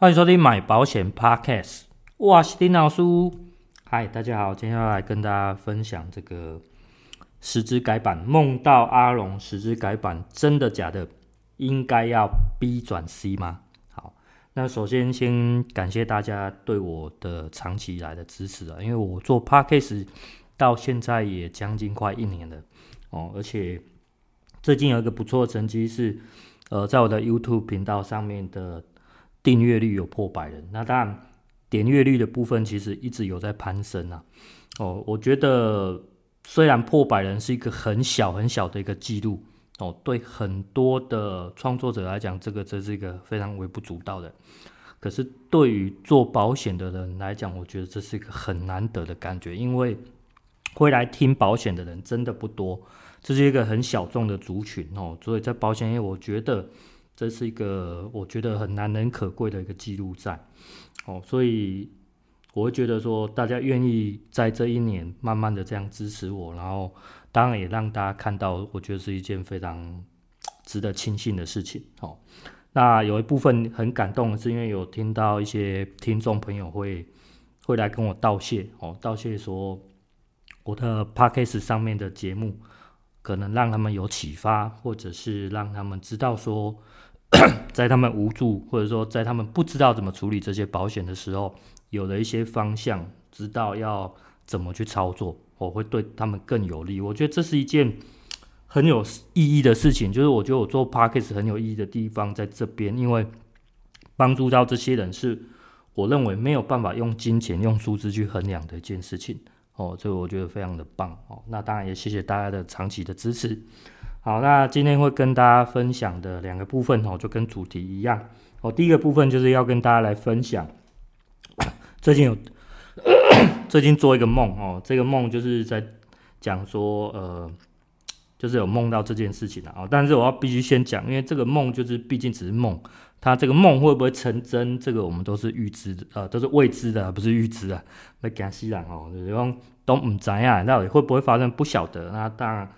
歡迎收聽買保險 Podcast，哇，是丁老師。嗨，大家好，接下來跟大家分享這個實支改版，夢到阿龍實支改版真的假的？應該要 B 轉 C 嗎？好，那首先先感謝大家對我的長期以來的支持啊，因為我做 Podcast 到現在也將近快一年了哦，而且最近有一個不錯的成績是，呃，在我的 YouTube 頻道上面的。訂閱率有破百人，那當然，點閱率率的部分其實一直有在攀升啊，哦，我覺得雖然破百人是一個很小很小的一個記錄哦，對很多的創作者來講，這個這是一個非常微不足道的。可是對於做保險的人來講，我覺得這是一個很難得的感覺，因為會來聽保險的人真的不多，這是一個很小眾的族群哦。所以在保險業，我覺得。這是一個我覺得很難能可貴的一個記錄在哦，所以我會覺得說，大家願意在這一年慢慢的這樣支持我，然後當然也讓大家看到，我覺得是一件非常值得慶幸的事情。哦，那有一部分很感動，是因為有聽到一些聽眾朋友會會來跟我道謝，哦，道謝說我的 podcast 上面的節目可能讓他們有啟發，或者是讓他們知道說。 在他們無助，或者說在他們不知道怎麼處理這些保險的時候，有了一些方向，知道要怎麼去操作，我、哦、會對他們更有利。我覺得這是一件很有意義的事情，就是我覺得我做 Podcast 很有意義的地方在這邊，因為幫助到這些人是我認為沒有辦法用金錢、用數字去衡量的一件事情。哦，所以我覺得非常的棒。哦，那當然也謝謝大家的長期的支持。好，那今天會跟大家分享的兩個部分哦，就跟主題一樣哦。第一個部分就是要跟大家來分享，最近有咳咳最近做一個夢哦、喔，這個夢就是在講說呃，就是有夢到這件事情的、喔、但是我要必須先講，因為這個夢就是畢竟只是夢，它這個夢會不會成真，這個我們都是預知的呃，都是未知的，而不是預知的。要驚死人哦、喔，就是講都唔知啊，到底會不會發生，不曉得。那當然。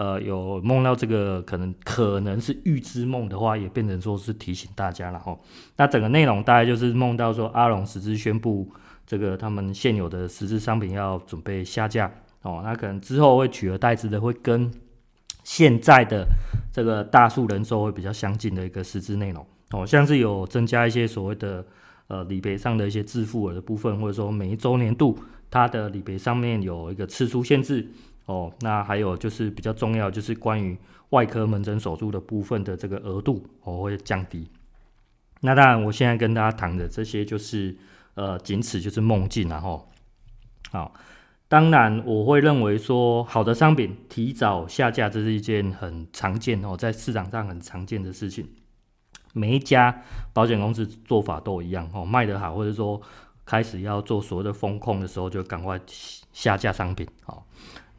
呃，有夢到這個可能可能是預知夢的話，也變成說是提醒大家了哈、哦。那整個內容大概就是夢到說阿龍實支宣布這個他們現有的實支商品要準備下架哦，那可能之後會取而代之的會跟現在的這個大樹人壽會比較相近的一個實支內容哦，像是有增加一些所謂的呃理賠上的一些自付額的部分，或者說每一周年度它的理賠上面有一個次數限制。哦，那還有就是比較重要，就是關於外科門診手術的部分的這個額度，我、哦、會降低。那當然，我現在跟大家談的這些，就是呃，僅此就是夢境、啊，了、哦。後、哦、好，當然我會認為說，好的商品提早下架，這是一件很常見哦，在市場上很常見的事情。每一家保險公司做法都一樣哦，賣得好，或者說開始要做所謂的風控的時候，就趕快下架商品，哦。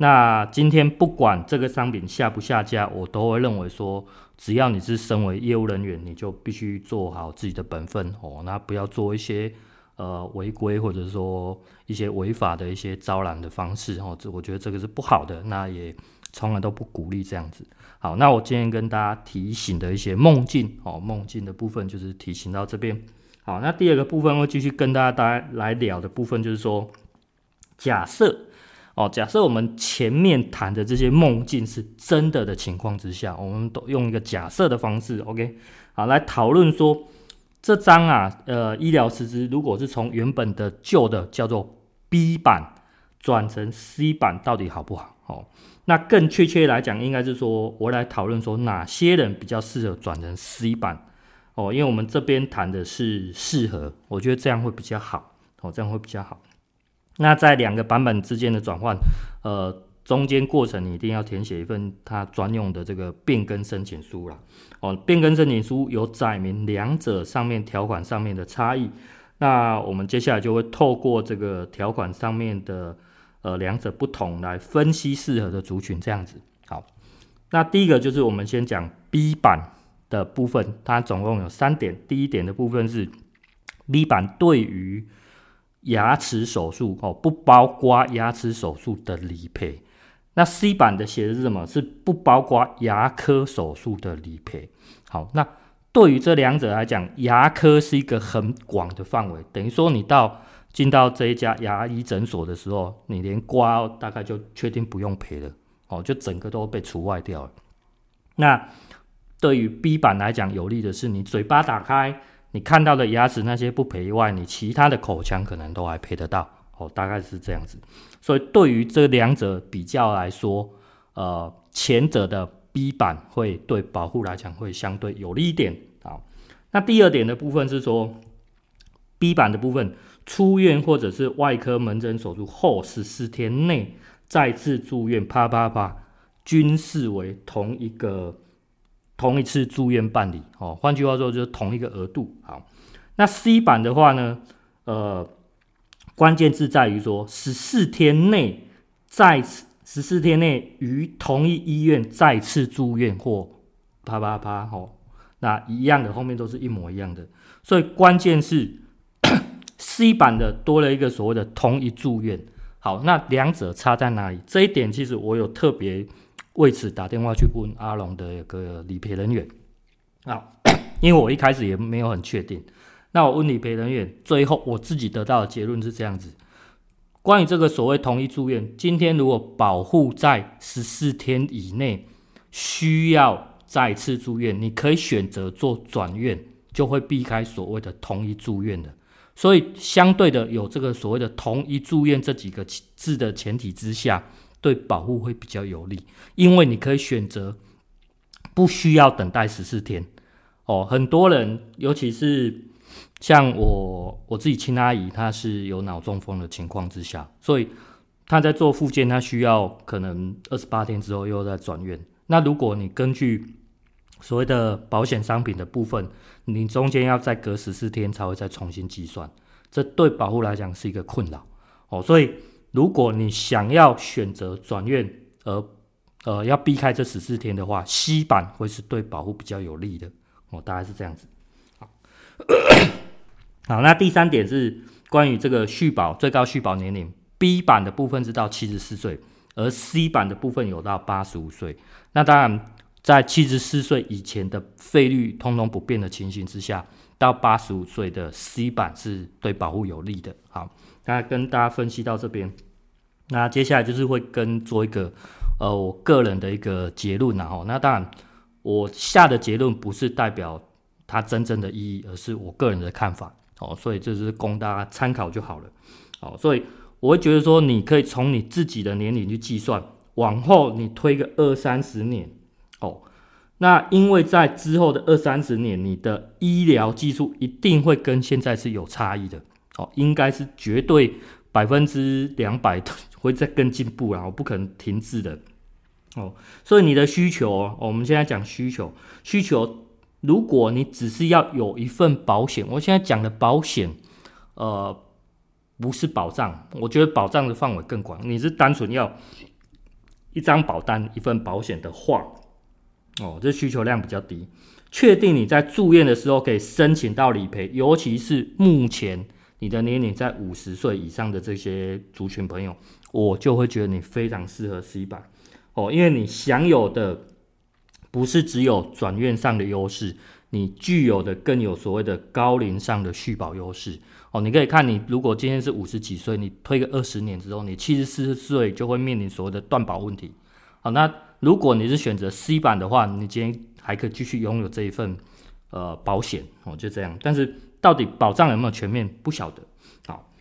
那今天不管這個商品下不下架，我都會認為說，只要你是身為業務人員，你就必須做好自己的本分哦。那不要做一些呃違規或者說一些違法的一些招攬的方式哦，這我覺得這個是不好的。那也從來都不鼓勵這樣子。好，那我今天跟大家提醒的一些夢境哦，夢境的部分就是提醒到這邊。好，那第二個部分會繼續跟大家大家來聊的部分就是說，假設。哦，假設我們前面談的這些夢境是真的的情況之下，我們都用一個假設的方式，OK，好來討論說，這張啊，呃，醫療實支如果是從原本的舊的叫做 B 版轉成 C 版，到底好不好？哦，那更確切來講，應該是說我來討論說，哪些人比較適合轉成 C 版？哦，因為我們這邊談的是適合，我覺得這樣會比較好，哦，這樣會比較好。那在兩個版本之間的轉換，呃，中間過程你一定要填寫一份它專用的這個變更申請書啦。哦，變更申請書有載明兩者上面條款上面的差異。那我們接下來就會透過這個條款上面的呃兩者不同來分析適合的族群，這樣子。好，那第一個就是我們先講 B 版的部分，它總共有三點。第一點的部分是 B 版對於牙齒手術哦，不包括牙齒手術的理賠。那 C 版的寫的是什麼？是不包括牙科手術的理賠。好，那對於這兩者來講，牙科是一個很廣的範圍。等於說，你到進到這一家牙醫診所的時候，你連刮大概就確定不用賠了哦，就整個都被除外掉了。那對於 B 版來講有利的是，你嘴巴打開。你看到的牙齒那些不賠以外，你其他的口腔可能都還賠得到哦，大概是這樣子。所以對於這兩者比較來說，呃，前者的 B 版會對保護來講會相對有利一點啊。那第二點的部分是說，B 版的部分出院或者是外科門診手術後十四天內再次住院，啪啪啪啪，均視為同一個。同一次住院辦理，哦，換句話說就是同一個額度。好，那 C 版的話呢，呃，關鍵字在於說十四天內再次十四天內於同一醫院再次住院或啪啪啪，好，哦，那一樣的，後面都是一模一樣的。所以關鍵是 C 版的多了一個所謂的同一住院。好，那兩者差在哪裡？這一點其實我有特別。為此打電話去問阿龍的一個理賠人員啊，因為我一開始也沒有很確定。那我問理賠人員，最後我自己得到的結論是這樣子：關於這個所謂同一住院，今天如果保護在十四天以內，需要再次住院，你可以選擇做轉院，就會避開所謂的同一住院的。所以，相對的有這個所謂的同一住院這幾個字的前提之下。對保護會比較有利，因為你可以選擇不需要等待十四天。哦，很多人，尤其是像我我自己親阿姨，她是有腦中風的情況之下，所以她在做復健，她需要可能二十八天之後又再轉院。那如果你根據所謂的保險商品的部分，你中間要再隔十四天才會再重新計算，這對保護來講是一個困擾。哦，所以。如果你想要選擇轉院，而呃要避開這十四天的話，C 版會是對保護比較有利的哦，大概是這樣子。好， 好，那第三點是關於這個續保最高續保年齡，B 版的部分是到七十四歲，而 C 版的部分有到八十五歲。那當然，在七十四歲以前的費率通通不變的情形之下。到八十五歲的 C 版，是對保護有利的。好，那跟大家分析到這邊，那接下來就是會跟做一個呃我個人的一個結論，然後，那當然我下的結論不是代表它真正的意義，而是我個人的看法。好，哦，所以這只是供大家參考就好了。好，哦，所以我會覺得說，你可以從你自己的年齡去計算，往後你推個二三十年哦。那因為在之後的二三十年，你的醫療技術一定會跟現在是有差異的，哦，應該是絕對百分之兩百會再更進步，然後我不可能停滯的，哦，所以你的需求，我們現在講需求，需求，如果你只是要有一份保險，我現在講的保險，呃，不是保障，我覺得保障的範圍更廣，你是單純要一張保單一份保險的話。哦，這需求量比較低，確定你在住院的時候可以申請到理賠，尤其是目前你的年齡在五十歲以上的這些族群朋友，我就會覺得你非常適合 C 版，哦，因為你享有的不是只有轉院上的優勢，你具有的更有所謂的高齡上的續保優勢，哦，你可以看你如果今天是五十幾歲，你推個二十年之後，你七十四歲就會面臨所謂的斷保問題。好，那如果你是選擇 C 版的話，你今天還可以繼續擁有這一份呃保險，哦，就這樣。但是到底保障有沒有全面，不曉得。好，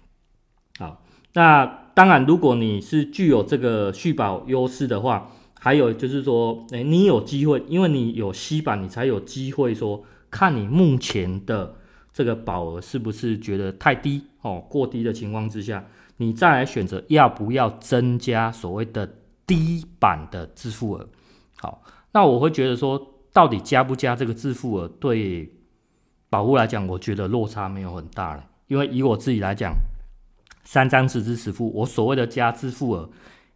好，那當然，如果你是具有這個續保優勢的話，還有就是說，哎、欸，你有機會，因為你有 C 版，你才有機會說，看你目前的這個保額是不是覺得太低哦，過低的情況之下，你再來選擇要不要增加所謂的。低版的支付額，好，那我會覺得說，到底加不加這個支付額，對保戶來講，我覺得落差沒有很大了。因為以我自己來講，三張實支實付，我所謂的加支付額，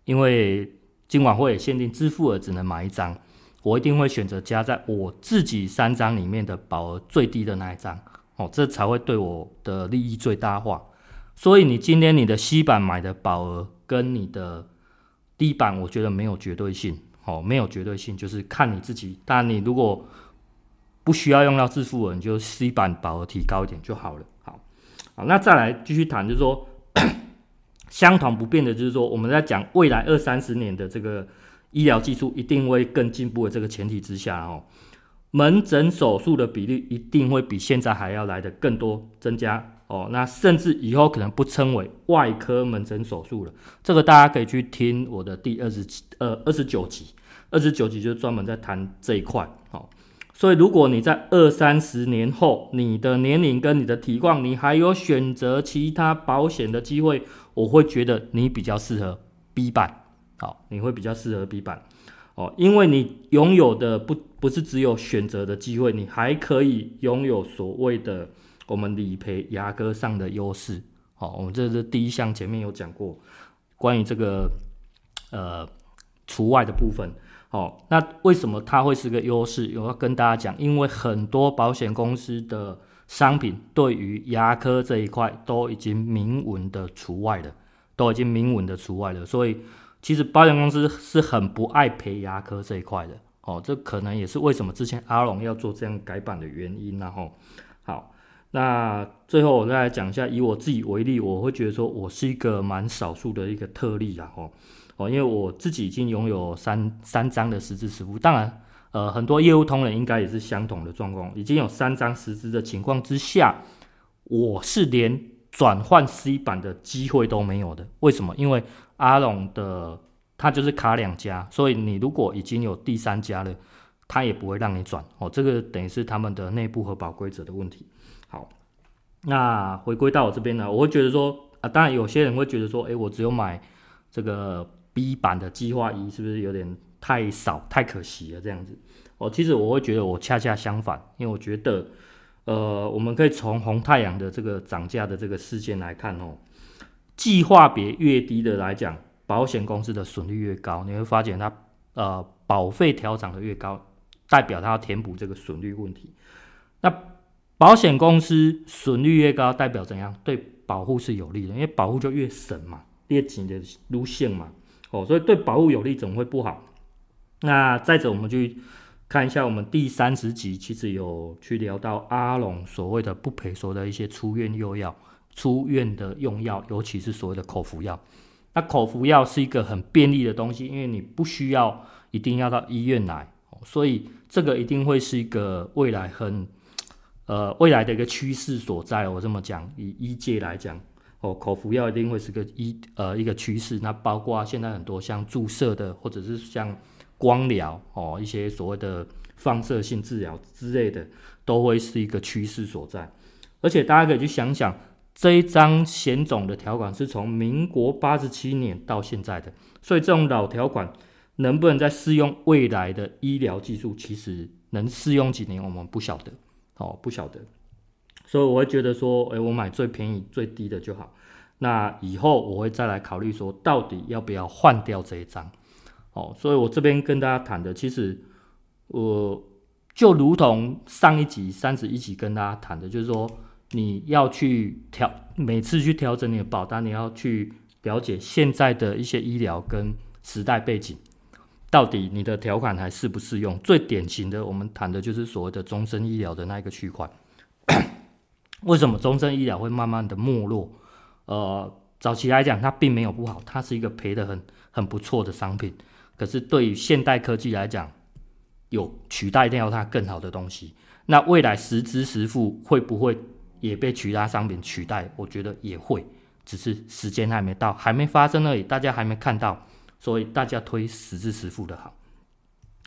因為今晚會有限定支付額只能買一張，我一定會選擇加在我自己三張裡面的保額最低的那一張，哦，這才會對我的利益最大化。所以你今天你的 C 版買的保額跟你的。D 版我覺得沒有絕對性，哦，沒有絕對性，就是看你自己。但你如果不需要用到自付額，你就 C 版保額提高一點就好了。好，好，那再來繼續談，就是說， 相同不變的，就是說，我們在講未來二三十年的這個醫療技術一定會更進步的這個前提之下，哦，門診手術的比例一定會比現在還要來得更多增加。哦，那甚至以後可能不稱為外科門診手術了，這個大家可以去聽我的第二十七、呃二十九集，二十九集就專門在談這一塊。哦。所以如果你在二三十年後，你的年齡跟你的體況，你還有選擇其他保險的機會，我會覺得你比較適合 B 版。好、哦，你會比較適合 B 版。哦，因為你擁有的不不是只有選擇的機會，你還可以擁有所謂的。我們理賠牙科上的優勢，好、哦，我們這是第一項，前面有講過關於這個呃除外的部分，好、哦，那為什麼它會是個優勢？我要跟大家講，因為很多保險公司的商品對於牙科這一塊都已經明文的除外了，都已經明文的除外了，所以其實保險公司是很不愛賠牙科這一塊的，哦，這可能也是為什麼之前阿龍要做這樣改版的原因、啊，然後。那最後我再來講一下，以我自己為例，我會覺得說我是一個蠻少數的一個特例啊，哦哦，因為我自己已經擁有三三張的實支實付。當然，呃，很多業務同仁應該也是相同的狀況，已經有三張實支的情況之下，我是連轉換 C 版的機會都沒有的。為什麼？因為阿龍的他就是卡兩家，所以你如果已經有第三家了，他也不會讓你轉哦。這個等於是他們的內部核保規則的問題。好，那回歸到我這邊呢，我會覺得說啊，當然有些人會覺得說，誒、欸，我只有買這個 B 版的計劃一，是不是有點太少太可惜了？這樣子哦，其實我會覺得我恰恰相反，因為我覺得，呃，我們可以從紅太陽的這個漲價的這個事件來看哦，計劃別越低的來講，保險公司的損率越高，你會發現它呃保費調整的越高，代表它要填補這個損率問題，那保險公司損率越高，代表怎樣？對保護是有利的，因為保護就越省嘛，越緊的路線嘛。哦，所以對保護有利，怎麼會不好？那再者，我們去看一下，我們第三十集其實有去聊到阿龍所謂的不賠所的一些出院用藥，出院的用藥，尤其是所謂的口服藥。那口服藥是一個很便利的東西，因為你不需要一定要到醫院來，所以這個一定會是一個未來很。呃，未來的一個趨勢所在，我這麼講，以醫界來講，哦，口服藥一定會是個一呃一個趨勢。那包括現在很多像注射的，或者是像光療哦，一些所謂的放射性治療之類的，都會是一個趨勢所在。而且大家可以去想想，這一張險種的條款是從民國八十七年到現在的，所以這種老條款能不能再適用未來的醫療技術？其實能適用幾年我們不曉得。哦，不曉得，所以我會覺得說，哎，我買最便宜、最低的就好。那以後我會再來考慮說，到底要不要換掉這一張。哦，所以我這邊跟大家談的，其實我、呃、就如同上一集、三十一集跟大家談的，就是說，你要去調，每次去調整你的保單，你要去了解現在的一些醫療跟時代背景。到底你的條款還適不適用？最典型的，我們談的就是所謂的終身醫療的那一個區塊。 為什麼終身醫療會慢慢的沒落？呃，早期來講，它並沒有不好，它是一個賠的很很不錯的商品。可是對於現代科技來講，有取代掉它更好的東西。那未來實支實付會不會也被其他商品取代？我覺得也會，只是時間還沒到，還沒發生而已，大家還沒看到。所以大家推實支實付的好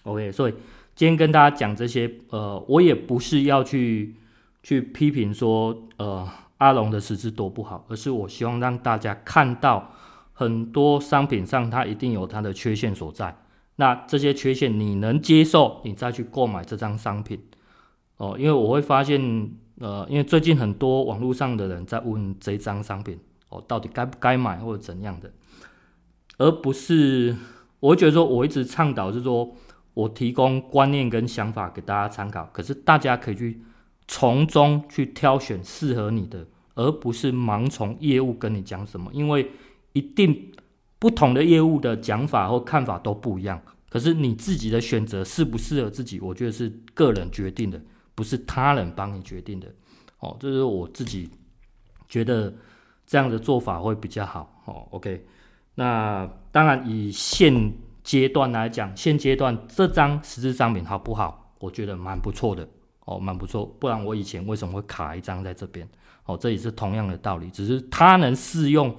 ，OK。所以今天跟大家講這些，呃，我也不是要去去批評說，呃，阿龍的實支多不好，而是我希望讓大家看到很多商品上它一定有它的缺陷所在。那這些缺陷你能接受，你再去購買這張商品哦，呃，因為我會發現，呃，因為最近很多網絡上的人在問這張商品哦，到底該不該買或者怎樣的。而不是，我覺得說，我一直倡導是說我提供觀念跟想法給大家參考，可是大家可以去從中去挑選適合你的，而不是盲從業務跟你講什麼，因為一定不同的業務的講法或看法都不一樣。可是你自己的選擇適不適合自己，我覺得是個人決定的，不是他人幫你決定的。哦，這、就是我自己覺得這樣的做法會比較好。哦，OK。那當然，以現階段來講，現階段這張實支商品好不好？我覺得蠻不錯的哦，蠻不錯。不然我以前為什麼會卡一張在這邊？哦，這也是同樣的道理，只是它能適用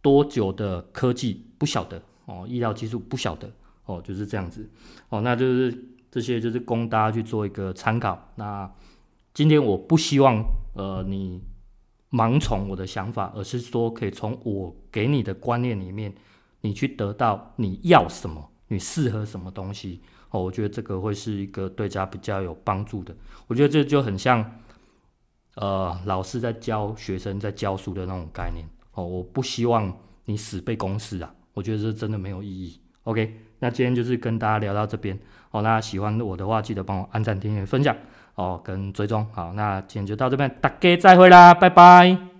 多久的科技不曉得哦，醫療技術不曉得哦，就是這樣子哦。那就是這些，就是供大家去做一個參考。那今天我不希望呃你。盲從我的想法，而是說可以從我給你的觀念裡面，你去得到你要什麼，你適合什麼東西哦。我覺得這個會是一個對家比較有幫助的。我覺得這就很像，呃，老師在教學生在教書的那種概念哦。我不希望你死背公式啊，我覺得這真的沒有意義。OK。那今天就是跟大家聊到這邊好，哦，那喜歡我的話，記得幫我按讚、訂閱、分享哦，好，跟追蹤。好，那今天就到這邊，大家再會啦，拜拜。